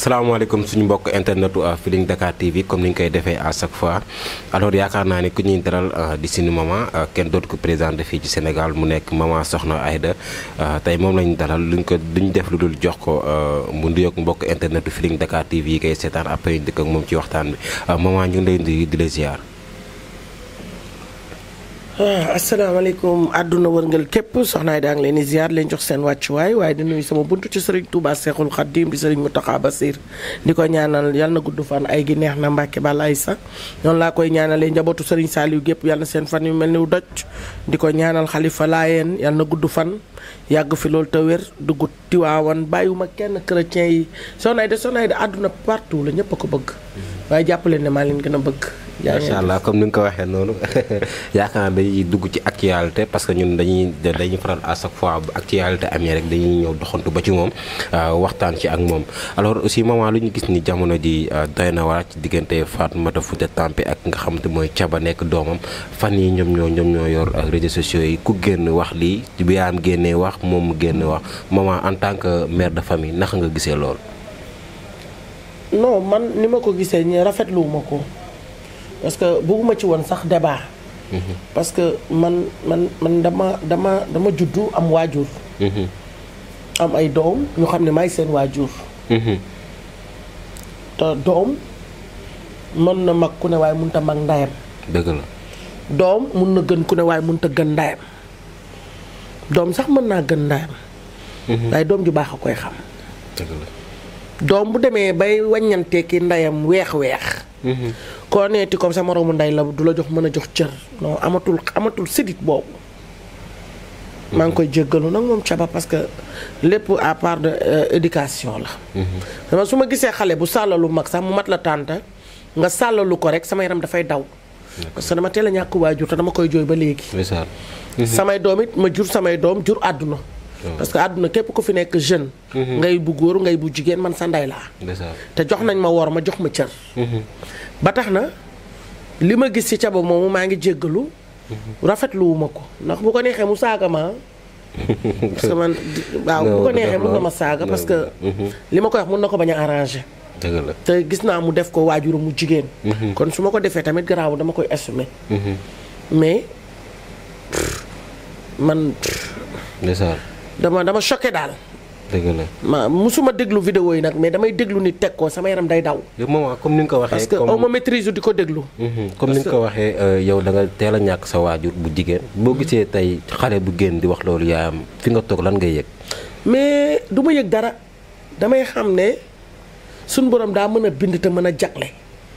salaamaaleykum suñu mbokk internetu Feeling Dakar TV comme ni ñu koy defee à chaque fois alors yaakaar naa ni ku ñuy daral euh, di suñu maman euh, kenn dootu ko présenté fii ci Sénégal mu nekk maman Soxna ayda euh, tey moom lañu dalal luñ ko duñ def lu dul jox ko mu nuyoog mbokk internetu Feeling Dakar TV yi kay seetaan après ñu dëkk ak moom ci waxtaan bi maman ñu ngi di la ziar. Ah, asalaamaaleykum àdduna wërngal képp soxnaay da ngi leen di ziar leen jox seen wàccuwaay waaye di nuyu sama buntu ci sëriñ Touba Seexul Xaddim di sëriñ Mountakha Bassir di ko ñaanal yal na gudd fan ay gi neex na Mbàkke bala ay sa noonu laa koy ñaanalee njabootu sëriñ Saliou gépp yal na seen fan yu mel ni doj di ko ñaanal xalifa laayeen yal na gudd fan yàgg fi loolu te wér dugg tiwaawan bàyyiwuma kenn chrétien yi soxnaay de soxnaay de àdduna partou la ñëpp ko bëgg waaye jàpp leen ne maa leen gën a bëgg incha allah comme ni nga ko waxee noonu yaakaar naa dañuy dugg ci actualité parce que ñun dañuy dañuy faral à chaque fois bu am amee rek dañuy ñëw doxantu ba ci moom euh, waxtaan ci ak moom. alors aussi maman lu ñu gis ni jamono ji euh, doy na waar ci diggante Fatoumata Fouta Tampi ak nga xamante mooy Thiaba nekk doomam fan yi ñoom ñoo ñoom ñoo yor euh, réseaux sociaux yi ku génn wax lii bi yaam génnee wax moom mu génn wax maman en tant que mère de famille naka nga gisee loolu. non man ko gisee ñi rafetlu ma ko. parce que bëgguma ci woon sax débat. Mhm. parce que man man man dama dama dama juddu am waajur. Mhm. am ay doom ñu xam ne maay seen waajur. Mhm. te doom mën na mag ku ne waaye mënut a mag ndayam. doom mën na gën ku ne waaye mënut a ndayam doom sax mën naa gën ndayam. waaye doom ju baax a koy xam. doom bu demee bay wàññanteeki ndayam weex weex. koo neeti comme sa moroomu ndey la du la jox mën a jox cër non amatul amatul sidit boobu maa ngi koy jéggalu nag moom caba parce que lépp à part de euh, éducation la mm-hmm. su ma gisee xale bu sàllalu mag sax mu mat la tànta nga sàllalu ko rek sama yaram dafay daw parce que dama teel a ñàkk waajur te dama koy jooy ba léegi mm-hmm. samay doom it ma jur samay doom jur àdduna Mm. parce que àdduna képp ku fi nekk jeune. Mm-hmm. ngay bu góor ngay bu jigéen man sa ndey laa. te jox nañ ma wor ma jox ma cër. Mm-hmm. ba tax na li ma gis ci caba moomu maa ngi jéggalu mm-hmm. rafetluwu ma ko ndax bu ko neexee mu saaga ma parce man waaw bu ko neexee mun na ma saaga parce que li ma koy wax mun na ko bañ a arrangé te gis naa mu def ko waajuram mu jigéen kon su ma ko defee tamit garaaw dama koy assumer mais man dama dama choqué daal. dëgg la ma musuma déglu vidéo yi nag mais damay déglu ni teg ko sama yaram day daw. moment ah, comme ni nga ko waxee. parce que aw di ko déglu. Mhm, comme ni nga ko waxee euh, yow da nga teel a ñàkk sa waajur bu jigéen. boo mhm. gisee tey xale bu génn di wax loolu yaayam fi nga toog lan ngay yëg. mais du ma yëg dara damay xam ne suñ borom daa mën a bind te mën a jagle.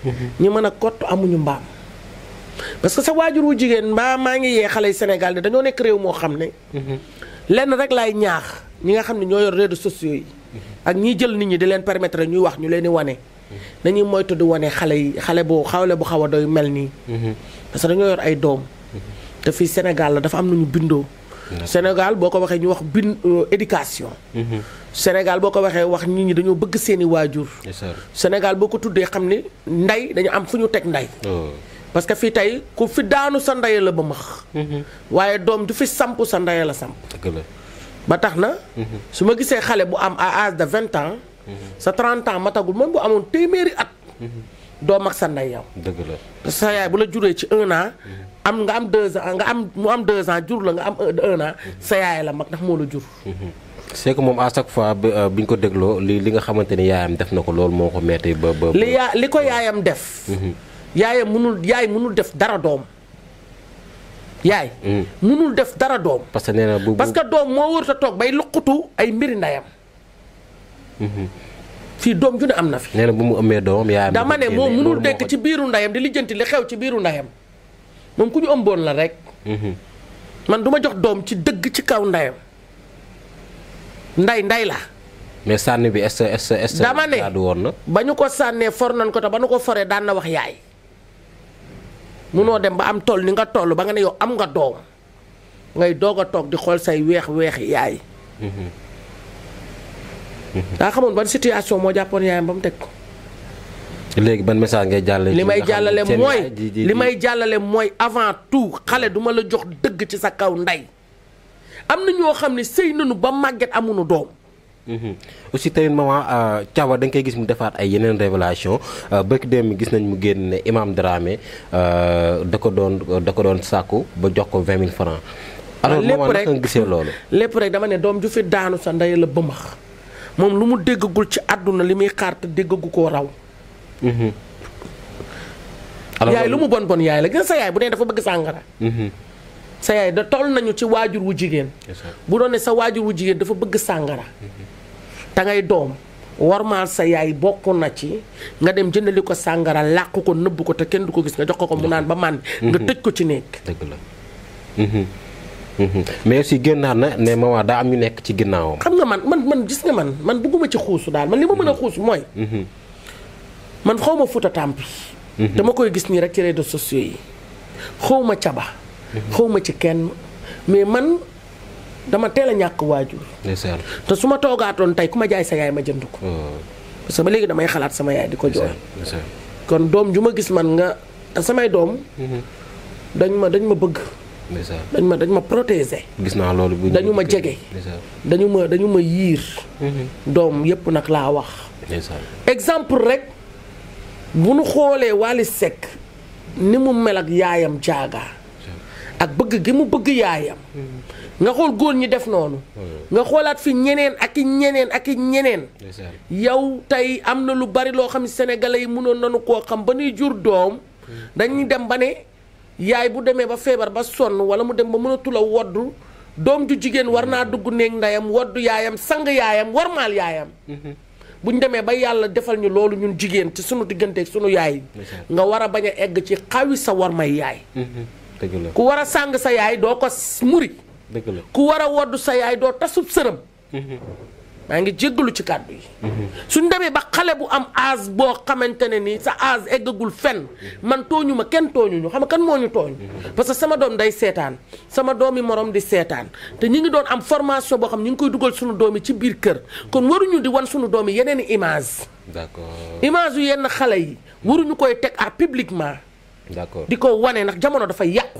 Mhm. ñi mën a kott amuñu mbaam. parce que sa waajur wu jigéen mbaa maa ngi yee xale Sénégal ne dañoo nekk réew moo xam ne. lenn rek laay ñaax ñi nga xam ne ñoo yor réseaux sociaux yi ak ñiy jël nit ñi di leen permettre ñuy wax ñu leen di wane dañuy moytu di wane xale yi xale bu xawle bu xaw a doy mel nii parce que dañoo yor ay doom te fii Sénégal la dafa am nañu bindoo Sénégal boo ko waxee ñu wax bind euh, éducation Sénégal boo ko waxee wax nit ñi dañoo bëgg seeni waajur Sénégal boo ko tuddee xam ne ndey dañu am fu ñu teg ndey oh. parce que fii tey ku fi daanu sa ndey la ba max mhm. waaye doom du fi samp sa ndey la samp ba tax na mhm. su ma gisee xale bu am à de vingt ans mhm. sa trent ans matagul même bu amoon téeméeri at doom ak sa ndey yow dëgg la sa yaay bu la juree ci un an am nga am deux ans nga am mu am deux ans jur la nga am un an sa yaay la mag ndax moo la jur c'est que moom à chaque fois bi euh, ñu ko dégloo li li nga xamante ni yaayam def na ko loolu moo ko metti ba ba li yaa li ko yaayam def yaayam munul yaay munul def dara doom yaay. Mm. munul def dara doom. parce que nee na doom moo warut toog bay luqutu ay mbiri ndayam. Mm-hmm. fii doom ju ne am na fi. nee bu mu ëmmee doom yaayam dama ne moom munul nekk ci biiru ndayam di lijjanti li xew ci biiru ndayam moom ku ñu ëmboon la rek. Mm-hmm. man duma jox doom ci dëgg ci kaw ndeyam ndey ndey la. mais sànni bi est ce est ce dama ne ba ñu ko sànnee for nañ ko te ba nu ko foree daan na wax yaay. munoo dem ba am toll ni nga toll ba nga ne yow am nga doom ngay doog a toog di xool say weex-weex yaay. daa xamoon ba situation moo jàppoon yaayam ba mu teg ko. léegi ban message ngay jàll li may jàllale mooy li may jàllale mooy avant tout xale duma la jox dëgg ci sa kaw ndey. am na ñoo xam ne sëy nañu ba màgget amunu doom. Mhm. aussi tamit maman euh, Thiaba da nga koy gis mu defaat ay yeneen révélation euh, bëkk démb gis nañ mu génn ne Imam Dramé euh, da ko doon da ko doon sàkku ba jox ko vingt mille francs alors maman naka nga gisee loolu lépp rek dama ne doom ju fi daanu sa ndey la bëmax moom lu mu déggagul ci àdduna li muy xaar te déggagu ko raw mhm. yaay lu mu bon bon yaay la gën sa yaay bu nee dafa bëgg sàngara mhm. sa yaay da toll nañu ci waajur wu jigéen bu doon ne sa waajur wu jigéen dafa bëgg sàngara te ngay doom warmaal sa yaay bokk na ci nga dem jëndali ko sàngara làq ko nëbb ko te kenn du ko gis nga jox ko ko mu naan ba màndi nga tëj ko ci néeg dëgg la mhm. Mhm. mais aussi génnaar na ne maman daa am ñu nekk ci ginnaawam. xam nga man man man gis nga man man bëgguma ci xuusu daal man li ma mën a mhm. xuus mooy. man xaw ma Fouta Tampi. dama koy gis nii rek ci réseaux sociaux yi. xaw ma caba. xaw ma ci kenn mais man. dama teel a ñàkk waajur. te su ma toogaatoon tey ku ma jaay sa yaay ma jënd ko. Hmm. parce que ba léegi damay xalaat sama yaay di ko jooy. kon doom ju ma gis man nga samay doom. Hmm. dañ ma dañ ma bëgg. dañ ma dañ ma protéger. gis naa loolu bu dañu ma jege. dañu ma dañu ma yiir. Hmm. doom yépp nag laa wax. exemple rek bu nu xoolee Wally Seck ni mu mel ak yaayam jaaga. ak bëgg gi mu bëgg yaayam. nga xool góor ñi def noonu. nga xoolaat fi ñeneen ak i ñeneen ak i ñeneen. yow tey am na lu bari loo xam ne sénégalais yi mënoon nañu koo xam ba nuy jur doom. dañuy dem ba ne yaay bu demee ba feebar ba sonn wala mu dem ba mënatul a woddu doom ju jigéen war naa dugg néeg ndeyam woddu yaayam sang yaayam warmaal yaayam. Mhm. bu demee ba yàlla defal ñu loolu ñun jigéen ci sunu digganteeg sunu yaay. nga war a bañ a egg ci xawi sa war may yaay. Mhm. ku war a sàng sa yaay doo ko muri. dëgg ku war a wodd sa yaay doo tasub sërëm. Mhm. maa ngi jéggalu ci kàddu yi. Mhm. suñ demee ba xale bu am ase boo xamante ne ni sa âge eggagul fenn mhm. man tooñu ma kenn ñu xam nga kan moo ñu tooñ. parce que sama doom day seetaan sama yi moroom di seetaan te ñu ngi doon am formation boo xam ñu ngi koy dugal suñu doom yi ci biir kër kon waruñu di wan suñu doom yi yeneen i image. d'accord image yu yenn xale yi waruñu koy teg à publiquement. d'accord di ko wanee ndax jamono dafa yàqu.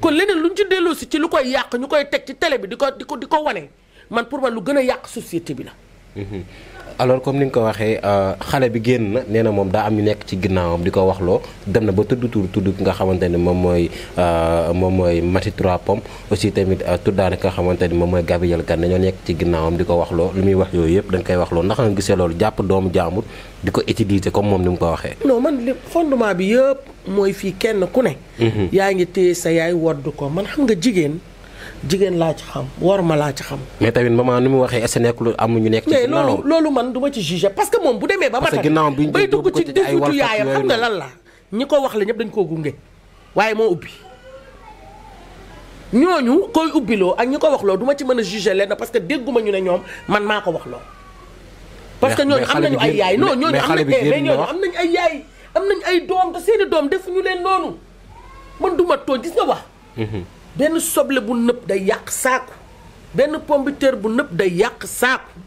kon leneen lu ñu ci delloo si ci lu koy yàq ñu koy teg ci télé bi di ko di ko di ko wane man pour man lu gën a yàq société bi la. Mm-hmm. alors comme ni nga ko waxee euh, xale bi génn na nee na moom daa am ñu nekk ci ginnaawam di ko wax loo dem na ba tudd tur tudd ki nga xamante ni moom mooy euh, moom mooy Mati Trois Pommes aussi tamit euh, tuddaane ki nga xamante ni moom mooy Gabriel Kane ñoo nekk ci ginnaawam di ko wax loo lu muy wax yooyu yëpp dañ koy wax loo ndax nga gisee loolu jàpp doomu jaamur di ko utiliser comme moom ni mu ko waxee. non man li fondement bi yëpp mooy fii kenn ku ne. Mhm. yaa ngi téye sa yaay wodd ko man xam nga jigéen. jigéen laa ci xam war ma laa ci xam. mais tamit maman ni mu waxee est ce nekkul amuñu nekk. ci ginnaawam mais loolu loolu ma ci jugé parce que moom bu demee. ba matal bay dugg ci defutu yaayam xam nga ko wax la ñëpp dañ koo gunge waaye moo ubbi ñooñu koy ubbiloo ak ñi ko wax loo du ci mën a jugé lenn parce que dégguma ñu ne ñoom man maa ko wax loo. parce que ñooñu am nañu ay yaay non ñooñu am nañu eh, am nañu ay yaay am nañu ay doom te seeni doom def defuñu leen noonu man du ma tooñ gis nga wax mm-hmm. benn soble bu nëb day yàq saaku benn pombiteer bu nëb day yàq saaku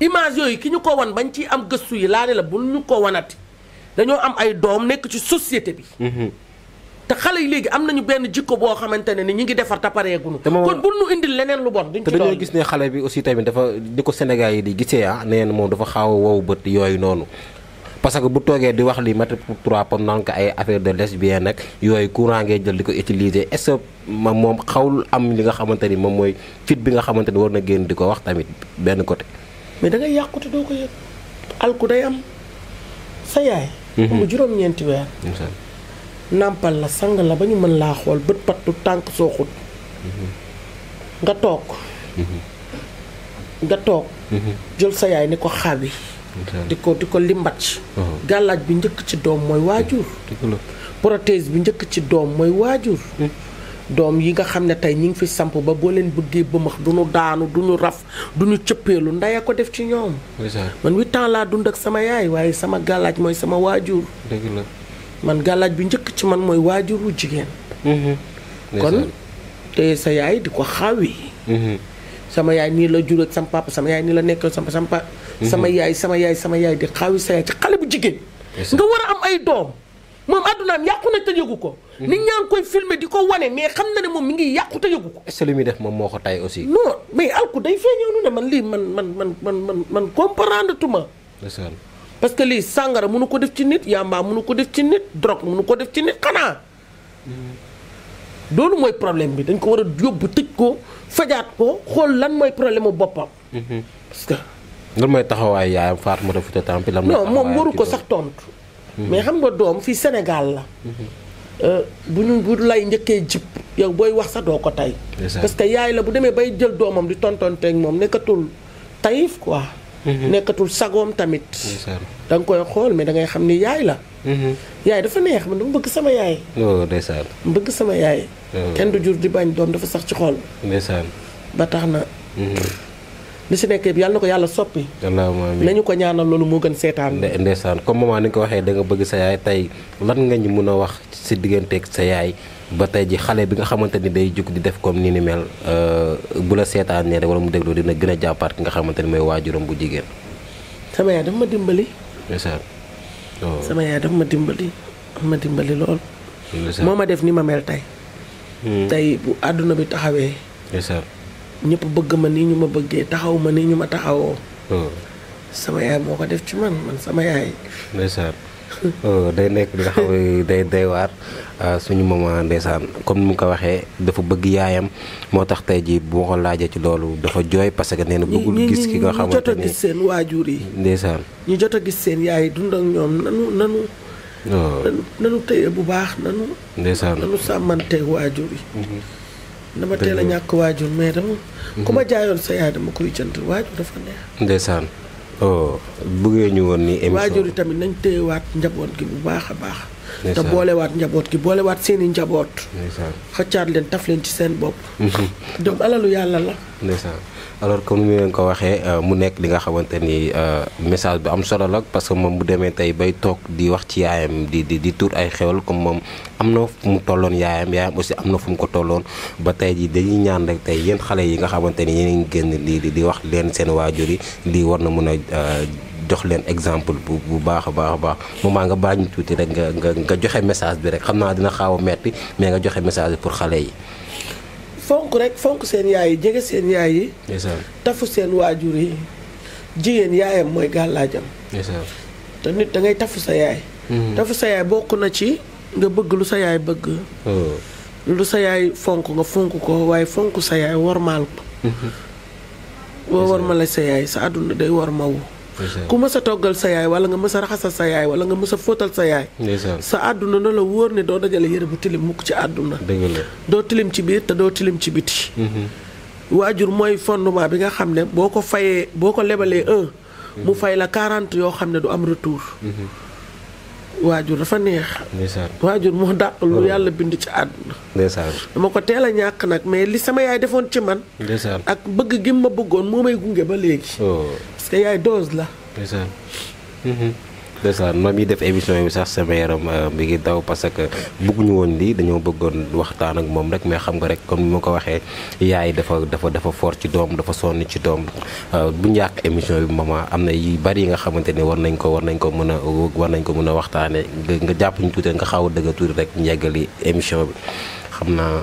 image yooyu ki ñu ko wan bañ ciy am gëstu yi laa ne la bu ñu ko wanati dañoo am ay doom nekk ci société bi. Mhm. te xale yi léegi am nañu benn jikko boo xamante ne ni ñu ngi defar te pareeguñu. kon bu nu indi leneen lu bon. duñ ci doon te dañoo gis ne xale bi aussi tamit dafa di ko Sénégal yi di gisee ah nee moom dafa xaw a wow bët yooyu noonu. parce que bu toogee di wax li mètre pour trois pom naan ko ay affaire de lesbienne nag yooyu courant ngay jël di ko utiliser est-ce ma moom xawul am li nga xamante ni moom mooy fit bi nga xamante ni war na génn di ko wax tamit benn côté. mais da ngay yàqute doo ko yëg alku day am sa yaay. Mhm. mu juróom-ñeenti weer. nàmpal la sang la ba ñu mën laa xool bët pattu tànk sooxut mhm. nga toog. Mhm. nga toog. jël sa yaay ni ko xaabi. di ko di ko limbat. Oh. gàllaaj bi njëkk ci doom mooy waajur. prothèse bi njëkk ci doom mooy waajur. Mm. doom yi nga xam ne tey ñi ngi fi samp ba boo leen bëggee bëmax du ñu daanu du ñu raf du ñu cëppeelu ndaya ko def ci ñoom. man huit ans laa dund ak sama yaay waaye sama gàllaaj mooy sama waajur. dëgg man gàllaaj bi njëkk ci man mooy waajur wu jigéen. Mm-hmm. kon te sa yaay di ko xawi mm-hmm. sama yaay nii la jur ak sama papa sama yaay nii la nekkal sama sama Mhm. sama yaay sama yaay sama yaay di xaawi sa ci xale bu jigéen nga war a am ay doom moom addunaam yàqu na te ko mhm. nit ñaa ngi koy filmé di ko wane mais xam na ne moom mi ngi yàqu te yëgu ko est def moom moo ko tay aussi non mais alku day feeñoo nu ne man lii man man man man man man comprendre tuma parce que lii sàngara mënu ko def ci nit yàmbaa mënu ko def ci nit drogue mënu ko def ci nit xanaa mhm. loolu mooy problème bi dañ ko war a yóbbu tëj ko fajaat ko xool lan mooy problème mu boppam lan mooy taxawaay yaayam Fatoumata moo Tampi lan mooy moom waru ko sax tontu. Mhm. mais xam nga doom fii Sénégal la. Mhm. Euh, bu ñu bu lay njëkkee jib yow booy wax sa doo ko tey. parce que yaay la bu demee bay jël doomam di tontonteeg moom nekkatul tayif quoi. Mhm. nekkatul sagoom tamit. da nga koy xool mais da ngay xam ni yaay la. yaay dafa neex man dama bëgg sama yaay. waaw oh, ndeysaan. bëgg sama yaay. Oh. kenn du jur di bañ doom dafa sax ci xol. ndeysaan. ba tax na. li si nekk yàlla na ko yàlla soppi. nañu ko ñaana loolu moo gën seetaan. ndeysaan comme maman ni ko waxee da nga bëgg sa yaay tey lan nga ñu mën a wax si digganteeg sa yaay ba tey ji xale bi nga xamante ni day jug di def comme nii ni mel euh, bu la seetaanee rek wala mu dégloo dina gën a jàppaat ki nga xamante ni mooy waajuram bu jigéen. sama yaay dafa ma dimbali. ndeysaan. Oh. sama yaay dafa ma dimbali ma dimbali lool. moo ma def ni ma mel tey. Hmm. tey bu àdduna bi taxawee. ñépp bëgg ma nii ñu ma bëggee taxaw ma nii ñu ma taxawoo. Hmm. sama yaay moo ko def ci man man sama yaay. ndeysaan hmm, day nekk li nga xam day day waar ah, suñu maman ndeysaan comme kon mu ko waxee dafa bëgg yaayam moo tax tey jii boo ko laajee ci loolu dafa jooy parce que nee na bëggul gis ki nga xamante ni ñu jot a gis seen waajur yi. ndeysaan ñu jot a gis seen yaay yi ak ñoom nanu nanu. Hmm. nanu bu baax nanu. ndeysaan nanu sàmmanteeg waajur yi. dama teel a ñàkk waajur mais dama. ku ma mhm. jaayoon sa yaay dama koy jënd waajur dafa neex. ndeysaan. oh bëggee ñu woon ni émission waajur yi tamit nañ téyewaat njaboot gi bu baax a baax. te boolewaat njaboot ki boolewaat seen i njaboot xëccaat leen taf leen ci seen bopp doom mhm. alalu yàlla la ndeysaan alors comme ni ngeen ko waxee euh, mu nekk li nga xamante ni euh, message bi am solo la parce que moom bu demee tey bay toog di wax ci yaayam di di di tuur ay xewal comme moom am na fu mu tolloon yaayam yaayam aussi am na fu mu ko tolloon ba tey ji dañuy ñaan rek tey yéen xale yi nga xamante ni yéen a ngi di di wax leen seen waajur yi lii war na mën a euh, jox leen exemple bu bu baax baax a baax moment nga baax ñu tuuti rek nga nga nga joxe message bi rek xam naa dina xaaw a metti mais nga joxe message bi pour xale yi. fonk rek fonk seen yaay yi jege seen yaay yi. tafu seen waajur yi jigéen yaayam mooy gàllaajam. te nit da ngay tafu sa yaay. Mm-hmm. tafu sa yaay bokk na ci nga bëgg lu sa yaay bëgg. Oh. lu sa yaay fonk nga fonk ko waaye fonk sa yaay wormaal ko. boo mm-hmm. wormalee sa yaay sa àdduna day wormawu. ku mës a toggal sa yaay wala nga mës a raxasal sa yaay wala nga mës a fóotal sa yaay sa àdduna na la wóor ne doo dajale yére bu tilim mukk ci àdduna doo tilim ci biir te doo tilim ci biti mm-hmm. waajur mooy fondement bi nga xam ne boo ko fayee boo ko lebalee mu fay la 40 yoo xam ne du am retour mm-hmm. waajur dafa neex. ndeysaan waajur moo dàq lu yàlla bind ci àdduna. ndeysaan dama ko teel a ñàkk nag mais li sama yaay defoon ci man. ak bëgg gi ma bëggoon moo may gunge ba léegi. Oh. parce que yaay dose la. ndeysaan. ndeysaan ma mi def émission bi sax sama yaram euh, mi ngi daw parce que bëgguñu woon lii dañoo bëggoon waxtaan ak moom rek mais xam nga rek comme ni ma ko waxee yaay dafa dafa dafa fort ci doom dafa sonn ci doom euh, bu ñu émission bi maman am na yu bari yi nga xamante ni war nañ ko war nañ ko mën a nañ ko mën a waxtaanee nga jàpp ñu tuuti nga xaw a dëgg tuuti rek njeggali émission bi xam naa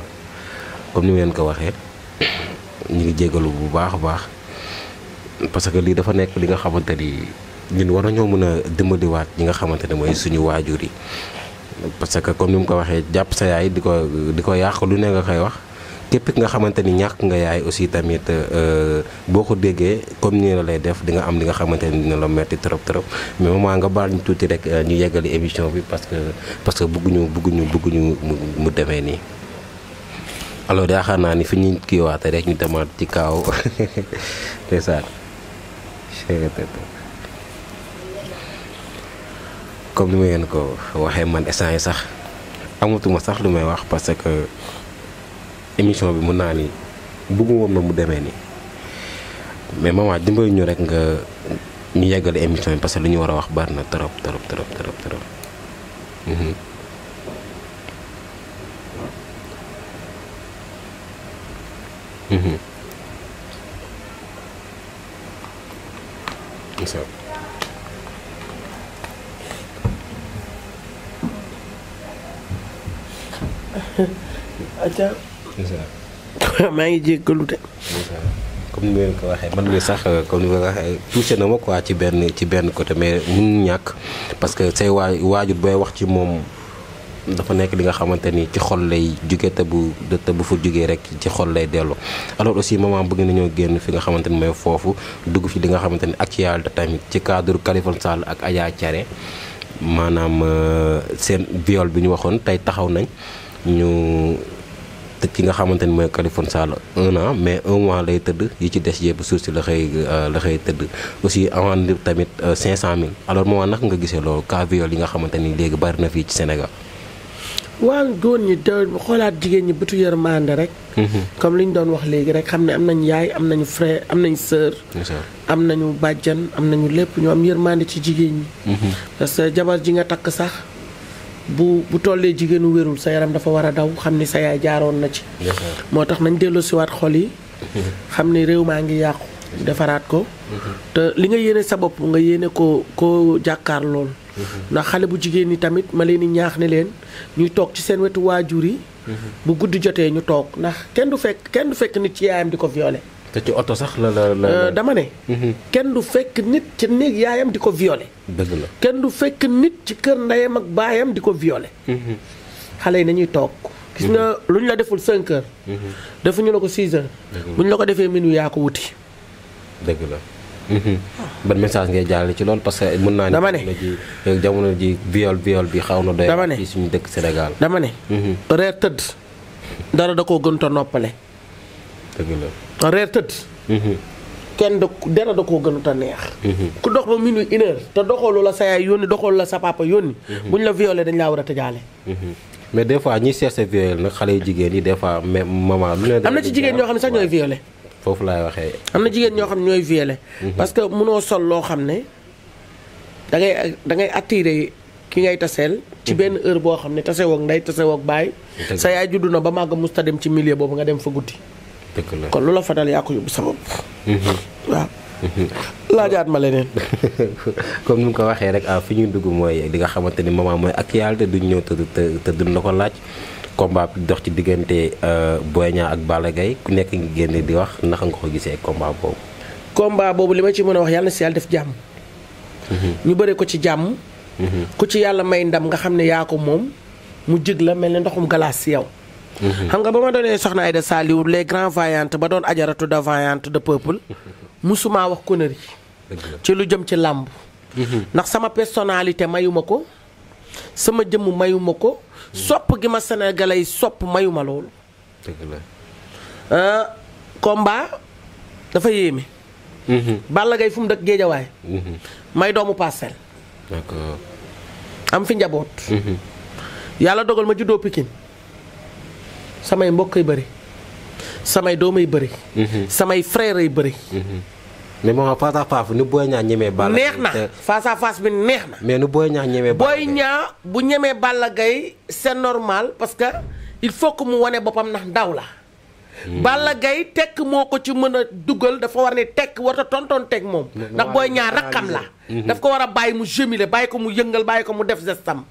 comme ni ma leen ko waxee ñu ngi jégalu bu baax a baax parce que lii dafa nekk li nga xamante ni. ñun war na ñoo mën a dimbaliwaat ñi nga xamante ne mooy suñu waajur yi parce que comme ni mu ko waxee jàpp sa yaay di ko di ko yàq lu ne nga koy wax képp ki nga xamante ni ñàkk nga yaay aussi tamit euh, boo ko déggee comme ni la lay def di nga am li nga xamante ni dina la metti trop trop mais moment nga baal ñu tuuti rek euh, ñu yeggali émission bi parce que parce que bëgguñu bëgguñu bëgguñu mu demee nii. alors yaakaar naa ni fi ñu kiiwaate rek ñu demaat ci kaaw ndeysaan comme ni ma leen ko waxee man instant yi sax amatuma sax lu may wax parce que émission bi mun naa ni bëggu woon na mu demee nii mais maman dimbali ñu rek nga ñu yeggale émission bi parce que lu ñu war a wax bari na trop trop trop trop trop. Mhm. Mhm. maa ngi jéggalu de. comme ni ko waxee man mi sax comme ni ma ko waxee touché na ma quoi ci benn ci benn côté mais mun ñàkk parce que say waa waajur booy wax ci moom dafa nekk li nga xamante ni ci xol lay jugee te bu te bu fa jugee rek ci xol lay dellu alors aussi maman bëgg nañoo génn fi nga xamante ni mooy foofu dugg fi li nga xamante ni actualité tamit ci cadre Khaliphone Sall ak ajaa Thiaré maanaam euh, seen viol bi ñu waxoon tey taxaw nañ ñu. tëj ki nga xamante ni mooy Kaliphone Sall un mais un mois lay tëdd yi ci des yëpp suuf si la xëy euh, la xëy tëdd aussi amende euh, cinq cent 500000 alors moo nag nga gisee loolu cas viol yi nga xamante ni léegi bari na fii ci Sénégal. waaw góor ñi te xoolaat jigéen ñi bëtu yërmande rek. Mm-hmm. comme li ñu doon wax léegi rek xam ne am nañu yaay am nañu frère am nañu sœur. am nañu bàjjan am nañu lépp ñoo am yërmande ci jigéen ñi. Mm-hmm. parce que jabar ji nga takk sax. bu bu tollee jigéenu wérul sa yaram dafa war a daw xam ni sa yaay jaaroon na ci. moo tax nañ dellu siwaat xol yi. xam ni réew maa ngi yàqu. defaraat ko. te li nga yéene sa bopp nga yéene ko ko jàkkaar lool. ndax xale bu jigéen ñi tamit ma leen di ñaax ne leen ñuy toog ci seen wetu waajur yi. bu guddi jotee ñu toog ndax kenn du fekk kenn du fekk nit ci yaayam di ko violé. te ci oto sax la la la euh, dama ne. Mhm. kenn du fekk nit ci néeg yaayam di ko viole dëgg la kenn du fekk nit ci kër ndeyam ak baayam di ko violé. Mhm. xale yi nañuy toog. gis nga mhm. lu ñu la deful 5 heures. defuñu la ko 6 heures. ñu la ko defee minuit yaa ko wuti. dëgg la. ban message ngay jaarale ci loolu parce que mën naa. dama ne jamono ji viol viol bi xaw na doy. dama ne fii suñu dëkk senegal dama ne. reer tëdd. dara da ko gën ta noppale. dëgg la reer tëdd. Mhm. kenn da dara da koo gënut a neex. Mhm. ku dox ba minuit une heure te doxalu la sa yaay yónni doxalu la sa papa yónni. Mhm. buñ la violé dañ laa war a tëjaale. mais des fois ñi cherché violé nag xale yi jigéen yi des fois même maman lu ne. am na ci jigéen ñoo xam ne sax ñooy foofu laay waxee. am na jigéen ñoo xam ne ñooy violé. parce que munoo sol loo xam ne da ngay da ngay attiré ki ngay taseel. ci benn heure boo xam ne tasewoog ndey tasewoog baay. sa yaay juddu na ba màgg musta dem ci millier boobu nga dem fa guddi. kon lu la fa dal yaa ko yóbbu sa mhm. waaw. Mhm. laajaat ma leneen. comme ni mu ko waxee rek ah fi ñuy dugg mooy li nga xamante ni moment mooy ak actualité duñ ñëw te te duñ la ko laaj. komba bi dox ci diggante euh, Boy Niang ak Balla ku nekk ngi génne di wax naka nga ko gisee combat boobu. komba boobu li ma ci mën a wax yàlla si yàlla def jàmm. Mhm. ñu bëre ko ci jàmm. ku ci yàlla may ndam nga xam ne yaa ko moom mu jëg la mel ne ndoxum galaas si yow. Mhm. xam nga ba ma doonee soxna Aïda Saliou les grands vaillantes ba doon ajaratu de vaillante de peuple musuma wax connerie ci lu jëm ci làmb mhm. ndax sama personnalité mayuma ko sama jëmm mayuma ko mhm. sopp gi ma sénégalais sopp mayuma loolu komba euh, dafa yéeme Balla Gaye fu mu dëkk géejawaay may doomu parcelle am fi njaboot yàlla dogal ma juddoo Pikine samay mbokk ay bëri samay doom ay bëri. Mhm. samay frère ay bëri. Mhm. mais moom face à face ni Boy Niang ñemee na face à bi neex na. mais nu booy Niang ñemee Balla Boy Niang bu ñemee Balla Gaye c'est normal parce que il faut que mu wane boppam ndax ndaw la. Mhm. Balla gay tekk moo ko ci mën a dugal dafa war ne tekk war a tontoon teg moom. ndax booy Niang rakkam la. daf ko war a bàyyi mu jëmile bàyyi ko mu yëngal bàyyi ko mu def gestam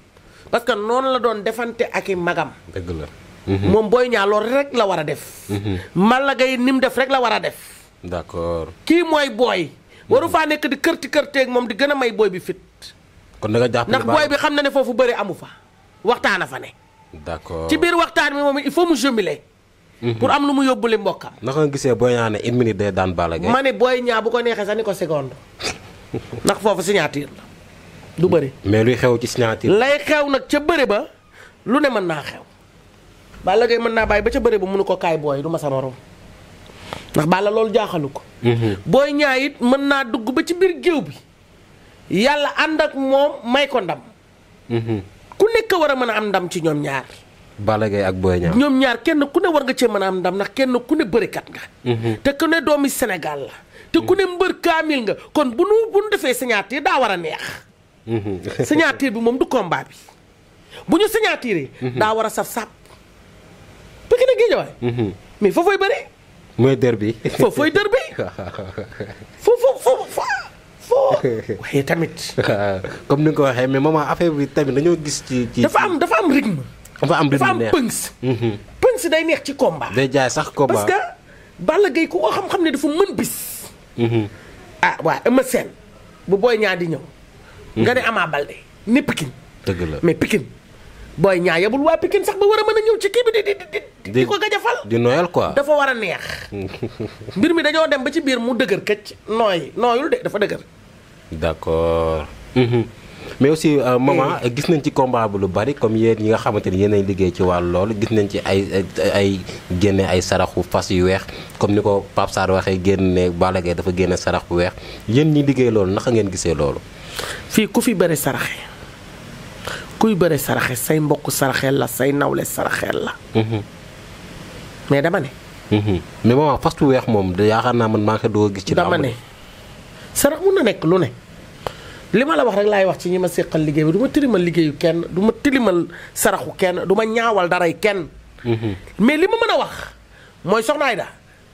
parce que noonu la doon defante ak i magam. dëgg la. Mhm. moom Boy Niang loolu rek la war a def. Balla mhm. Gaye ni mu def rek la war a def. d'accord kii mooy booy. waru mhm. faa nekk di kërti kërteeg moom di gën a may booy bi fit. kon da nga jàpp ndax booy bi xam na ne foofu bëri amu fa waxtaan a fa ne. d'accord ci biir waxtaan bi moom il faut mu jumeler. pour am lu mu yóbbuli mbokkam. naka nga gisee Boy Niang ne une minute day daan Balla Gaye. ma ne booy ñaa bu ko neexee sax ni ko seconde ndax foofu signature la du bëri. mais luy xew ci signature. lay xew nag ca bëri ba lu ne mën naa xew. Balla Gaye mën naa bàyyi ba ca bëre ba mënu ko kaay booy du ma sa morom ndax Balla loolu jaaxalu ko. Mhm. booy ñaa it mën naa dugg ba ci biir géew bi yàlla ànd ak moom may ko ndam. Mhm. ku nekk war a mën a am ndam ci ñoom ñaar. Balla Gaye ak Boy Niang ñoom ñaar kenn ku ne war nga cee ndam ndax kenn ku ne bërikat nga. Mhm. te ku ne doomi senegal la. te ku ne mbër kaamil nga kon bu nu bu nu defee signature daa war a neex. signature bi moom du combat bi bu ñu signature. daa war a saf sap. Pikine ak Guédiawaye. Mhm. mais foofooy bëri. mooy dër bi. foofooy dër bi. foofu foofu foofu. waaye tamit. comme ni nga ko waxee mais maman affaire bi tamit dañoo gis ci ci. dafa am dafa am rythme. dafa am rythme dafa am pënks. pënks mhm. day neex ci combat. day jaay sax combat parce que. Balla ku ko xam-xam ne dafa mën bis. Mhm. ah waa Eumeu Sène bu Boy Niang di ñëw. nga ne Ama Baldé ne Pikine. dëgg la mais Pikine. Boy Niang yebul waa Pikine sax ba war a mën a ñëw ci kii bi di di di di ko gajafal di noyal quoi. dafa war a neex. mbir mi dañoo dem ba ci biir mu dëgër këcc nooy nooyul de dafa dëgër. d'accord. Mhm. mais aussi euh, maman mm. gis nañ ci combat bu lu bari comme yéen ñi nga xamante ni yéenay liggéey ci wàllu loolu gis nañ ci ay ay génne ay saraxu fas yu weex comme ni ko Pape Sarr waxee ne Balla Gaye dafa génne sarax bu weex yéen ñi liggéey loolu naka ngeen gisee loolu. fii ku fi bëri saraxe kuy bëri saraxe say mbokk saraxeel la say nawle saraxeel la. Mhm. mais dama ne. Mhm. mais maman fas bu weex moom yaakaar naa man maa ngi doo gis. ci dama ne sarax mun na nekk lu ne. li ma la wax rek laay wax ci ñi ma séqal liggéey bi du ma tilimal liggéeyu kenn du ma tilimal saraxu kenn duma ñaawal daray kenn. Mhm. mais li ma mën a wax mooy soxna da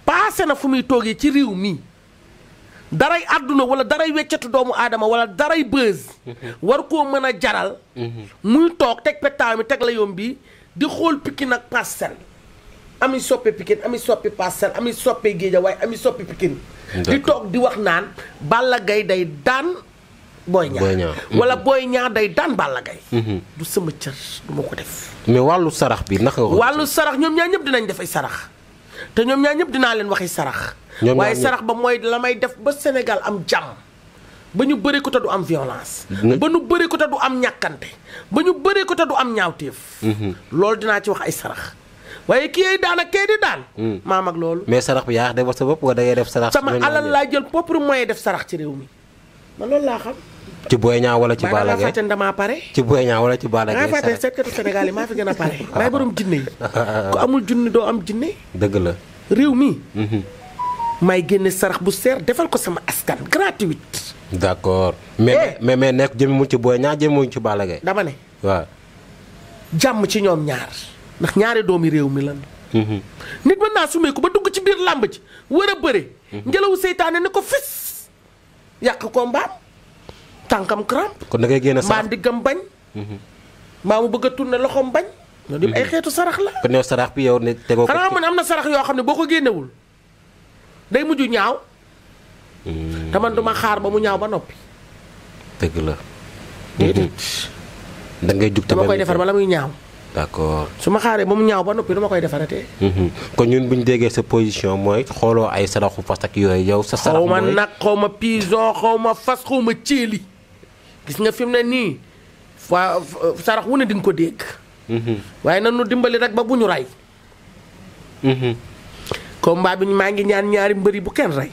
paase na fu muy toogee ci réew mi daray àdduna walla daray weccatu doomu aadama wala daray bës. Mhm. war koo mën a jaral. muy toog teg pettaaw mi teg la yomb bi di xool Pikine nag Parcelles. ami soppe Pikine ami soppe Parcelles ami soppe Guédiawaye ami soppe Pikine di toog di wax naan Balla Gaye day daan booy Niang mm-hmm. wala booy Niang day daan Balla Gaye mm-hmm. du sama cër du ma ko def mais wàllu sarax bi naka wàllu sarax ñoom ñaar ñëpp dinañ def ay sarax te ñoom ñaar ñëpp dinaa leen waxi sarax waaye sarax ba mooy la may def ba Sénégal am jàmm ba ñu bëri ko te du am violence mm-hmm. ba ñu bëri ko te du am ñàkkante ba ñu bëri ko te du am ñaawteef loolu dinaa ci wax ay sarax waaye kii ay daan ak kii di daan. Hmm. maa mag loolu. mais sarax bi yaa defal sa bopp wala da ngay def sarax. sama alal laa jël propre moyen def sarax ci réew mi man loolu laa xam. ci Boy wala ci Balla Gaye fàtte ci Boy Niang wala ci Balla Gaye. maa fàtte seetkatu Sénégal yi maa a pare. waaw borom jinne amul junni doo am jinne. dëgg réew mi. may mhm. génne bu seer defal ko sama askan gratuite. d'accord mais eh. mais mais nekk jëmmuñ ci Boy Niang jëmmuñ ci Balla Gaye. dama ci ñoom ñaar. ndax ñaari doomi réew mi lan mm-hmm. nit mën naa sumeeku ba dugg ci biir làmb ji war a bëre mm-hmm. ngelawu seytaane ne ko fis yàq ko mbaam tànkam crampe kon da ngay génn sarax ndiggam bañ mm-hmm. mbaa mu bëgg a tourné loxoom bañ loolu yëpp ay xeetu sarax la kon yow sarax bi yow ne tegoo ko xanaa man am na sarax yoo xam ne boo ko génnewul day mujj ñaaw te man duma xaar ba mu ñaaw ba noppi dëgg la déedéet da ngay jug tamit ma koy defar bala muy ñaaw d'accord su ma xaaree ba mu ñaaw ba noppi dama koy defaratee. Mhm. kon ñun bu ñu déggee sa position mooy xooloo ay saraxu fas ak yooyu yow. sa sarax mooy xaw ma nag xaw ma pison xaw ma fas xaw ma ceeli gis nga fi mu ne nii waa sarax wu ne di nga ko dégg. Mhm. waaye nanu dimbali rek ba bu ñu rey. Mhm. combat bi maa ngi ñaan ñaari mbëri bu kenn rey.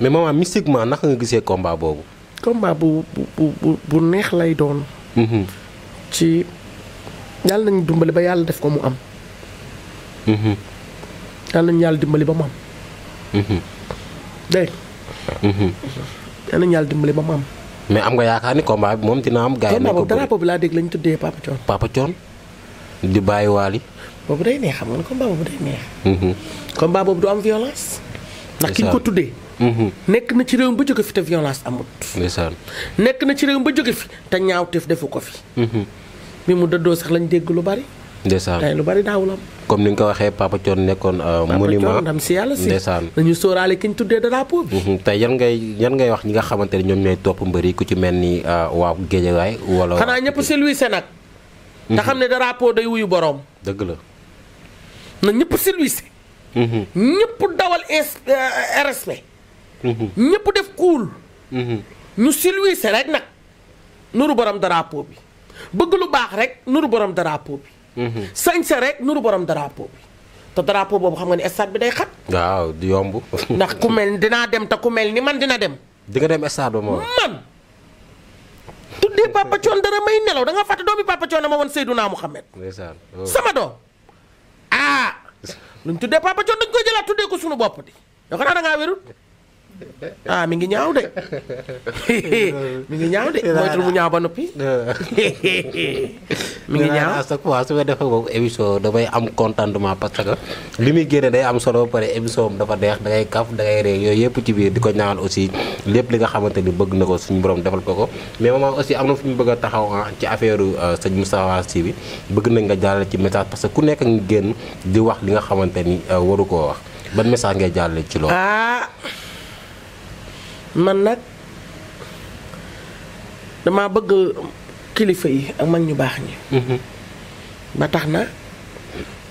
mais maman mystiquement naka nga gisee combat boobu. combat bu bu bu bu neex lay doon. ci. yàlla nañu dimbali ba yàlla def ko mu am. Mm-hmm. yàlla nañu yàlla dimbali ba mu am. Mm-hmm. dégg nga. Mm-hmm. yàlla nañu yàlla ba mu am. mais am nga yaakaar ni combat bi moom dina am. gars yi nañu ko laa dégg lañu tuddee Papa Thion. di bàyyi waali. boobu day neex xam nga ne combat boobu day neex. combat boobu du am violence. ndax ki ñu ko tuddee. nekk na ci réew mi ba jóge fi te violence amut. nekk na ci réew mi ba jóge fi te ñaawteef defu ko fi. bi mu dëddoo sax lañ dégg lu bari. ndeysaan tey lu bari daawul am. comme ni nga ko waxee Papa Thione nekkoon. Euh, monument ndam si yàlla si nañu sóoraale ki ñu tuddee drapeau bi. Mm-hmm. tey yan ngay yan ngay wax ñi nga xamante ne ñoom ñooy topp mbëri ku ci mel ni euh, waa Géejawaay wala. xanaa ñëpp silwise nag. nga mm-hmm. xam ne drapeau day wuyu boroom. dëgg la. na ñëpp silwise. Mm-hmm. ñëpp dawal euh, RSP. ñëpp def kuul. ñu silwise rek nag nuru borom drapeau bi. bëgg lu baax rek nuru borom drapeau bi. Mhm. sañse rek nuru borom drapeau bi. te drapeau boobu xam nga ni stade bi day xat. waaw di yomb. ndax ku mel dinaa dem te ku mel ni man dina dem. di nga dem stade moom. man. tuddee Papa Thione dara may nelaw da nga fàtte doomi Papa Thione ma woon Seydouna Mouhamed. ndeysaan oh. sama doom. ah. luñ tuddee Papa Thione dañ koy jëlaat tuddee ko suñu bopp di. yoo xam ne da ngaa ah mi ngi ñaaw de mi ngi ñaaw de moytul mu ñaaw ba noppi. mi ngi ñaaw à chaque waa su ma defee boobu émission dafay am contentement parce que li muy génne day am solo ba pare émission dafa deex da ngay kaf da ree yooyu yëpp ci biir di ko ñaanal aussi lépp li nga xamante ni bëgg na ko suñu borom defal ko ko. mais maman aussi am na fu ñu bëgg a taxaw ah, ci affaire euh, sa Moustapha Sy bi bëgg nañ nga jàllale ci message parce que ku nekk nga génn di wax li nga xamante ni euh, waru koo wax ban message ngay jàllale ci loolu. Ah, man nag damaa bëgg kilifa yi ak mag ñu baax ñi mm-hmm. ba tax na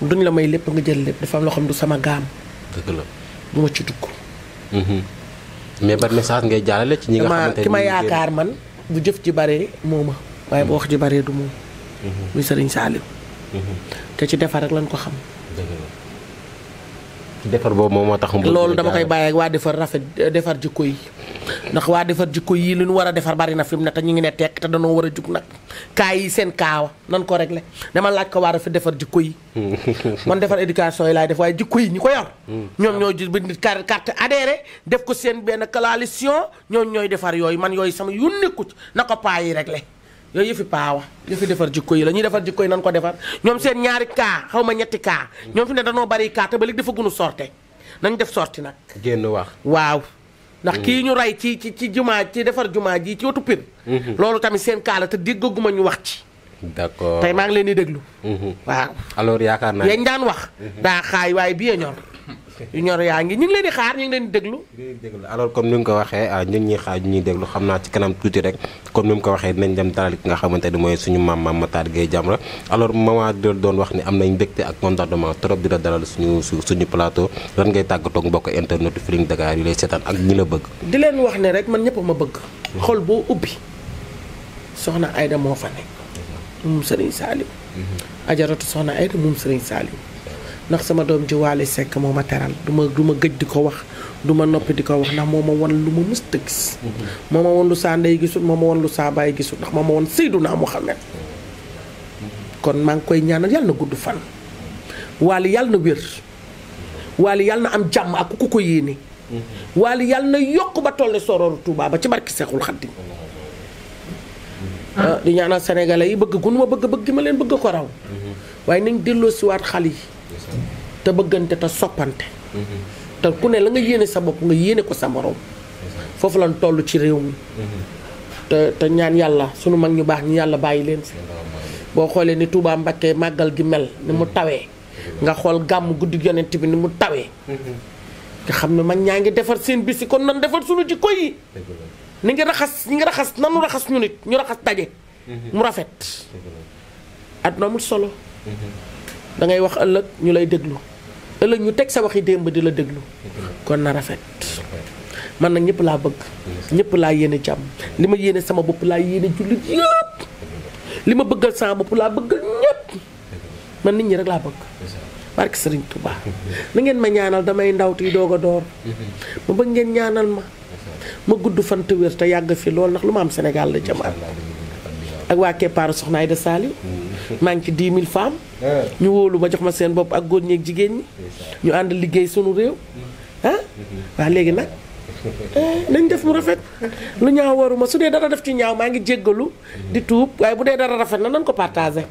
duñ la may lépp nga jël lépp dafa am du sama gaam dëgg la du ma ci dugg mm-hmm. mais ban message ngay jàllale ci ñi nga xamante ki ma yaakaar man bu jëf ji baree moo ma waaye bu mm-hmm. wax ji bare du moom muy sëriñ Saliou te ci defar rek lañ ko xam defar boobu moom moo tax. loolu dama koy bàyyi waa defar rafet euh, defar jikko yi ndax waa defar jikko yi li ñu war a defar bari na fi mu ne te ñu ngi ne tekk te danoo war a jug nag kaa yi seen kaawa nan ko réglé dama laaj ko waa rafet defar jikko yi. man defar éducation yi laay def waaye jikko yi ñi ko yor. Hmm. ñoom ñoo ji bind carte adhéré def ko seen benn coalition ñoom ñooy defar yooyu man yooyu sama yu nekku na ko paa yi réglé. yooyu yëfi paawa yëfi defar jikko yi la ñuy defar jikko yi nan ko defar ñoom seen ñaari kaa xaw ma ñetti kaa ñoom fi ne danoo bari cas te ba léegi dafa gunu sorte nañ def sorti nag. génn wax waaw. ndax mm. kii ñu rey ci ci ci jumaa ci defar jumaa ji ci wetu Pire. Mm-hmm. loolu tamit seen cas la te déggaguma ñu wax ci. d'accord tey maa ngi leen di déglu. Mm-hmm. waaw alors yaakaar naa yañ daan wax. Mm-hmm. daa xaay waaye bii ñor. yu ñor yaa ngi ñu leen di xaar ñu leen di déglu déglu alors comme ni mu ko waxee ah, ñu ngi ñuy xaar ñu ñuy déglu xam naa ci kanam tuuti rek comme ni mu ko waxee dinañ dem dalal ki nga xamante ni mooy suñu maam maam Matar Gueye Jamra alors maman dool doon wax ni am nañ mbégte ak contentement trop di la dalal suñu suñu plateau lan ngay tàggatoog mbokk internet Feeling Dakar yu lay seetaan ak ñi la bëgg di leen wax ne rek man ñëpp ma bëgg xol boo ubbi soxna Aida moo fa nekk moom Serigne Saliou mhm. ajaratu soxna Aida moom Serigne ndax sama doom ji Waly Seck moo ma teral du ma du ma gëj di ko wax du ma noppi di ko wax ndax moo ma won lu ma mës a gis. Mm-hmm. moo ma won lu saa ndey gisul moo ma won lu saa baay gisul ndax moo ma won Seydunaa Muhammad mm-hmm. kon maa ngi koy ñaanal yal na gudd fan. Waly yàlla na wér. Waly yàlla na am jàmm ak ku ko yéene. Mm-hmm. Waly yàlla na yokk ba toll sorooru Touba ba ci barki Seexul Xaddim ah, di ñaanal sénégalais yi bëgg gun ma bëgg bëgg ma leen bëgg ko raw. waaye nañ delloo siwaat xal yi. te bëggante te soppante te ku ne la nga yéene sa bopp nga yéene ko sa morom foofu lan toll ci réew mi te te ñaan yàlla sunu mag ñu baax ñi yàlla bàyyi leen fi boo xoolee ni Touba Mbakke màggal gi mel ni mu tawee nga xool gàmm guddi yonent bi ni mu tawee nga xam ne mag ñaa ngi defar seen bisi yi kon nan defar sunu jikko yi ni ngi raxas ni ngi raxas nanu raxas ñu nit ñu raxas daje mu rafet at mu solo da ngay wax ëllëg ñu lay déglu ëllëg ñu teg sa waxi démb di la déglu kon na rafet man nag ñëpp laa bëgg ñëpp laa yéene jàmm li ma yéene sama bopp laa yéene jullit yëpp li ma bëggal sama bopp laa bëgg ñëpp man nit ñi rek laa bëgg barke Sëriñ Tuubaa na ngeen ma ñaanal damay ndaw ti doog a door ma bëgg ngeen ñaanal ma ma gudd fan te te yàgg fi lool ndax lu ma am senegal la jëm ak waa Keppaaru Soxna Aïda Saliou maa ngi ci 10 000 femmes ñu wóolu ma jox ma seen bopp ak góor ñeek jigéen ñu ànd liggéey sunu réew. Mm-hmm. ah mm-hmm. waa léegi nag. nañ def mu rafet lu ñaaw waruma su dee dara def ci ñaaw maa ngi jéggalu di tuub waaye bu dee dara rafet na nañ ko partagé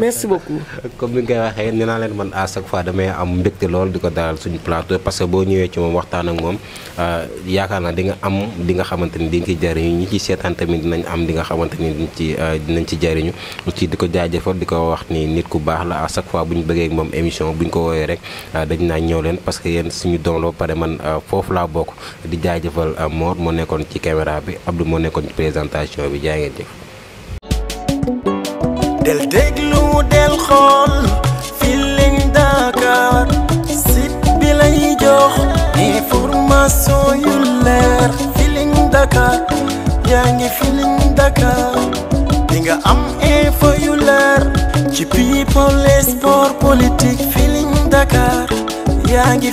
merci beaucoup comme ni ngay waxee nee naa leen man à chaque fois damay am mbégte lool di ko dalal suñu plateau parce que boo ñëwee ci moom waxtaan ak moom euh, yaakaar naa di nga am di nga xamante ni di nga ci jariñu ñi ci seetaan tamit dinañ am di nga xamante ni diñ ci dinañ ci euh, jariñu ci di ko jaajëfal di ko wax ni nit ku baax la à chaque fois bu ñu bëggee moom émission bu ko woowee rek euh, dañ naa ñëw leen parce que yéen suñu doon pare man foofu laa bokk di jaajëfal euh, Mor moo nekkoon ci caméra bi Abdou moo nekkoon ci présentation bi jaa ngeen jëf. del déglu del xool Feeling Dakar site bi lay jox information yu leer Feeling Dakar yaa ngi Feeling Dakar di nga am info yu leer ci people sport politique Feeling Dakar yaa ngi.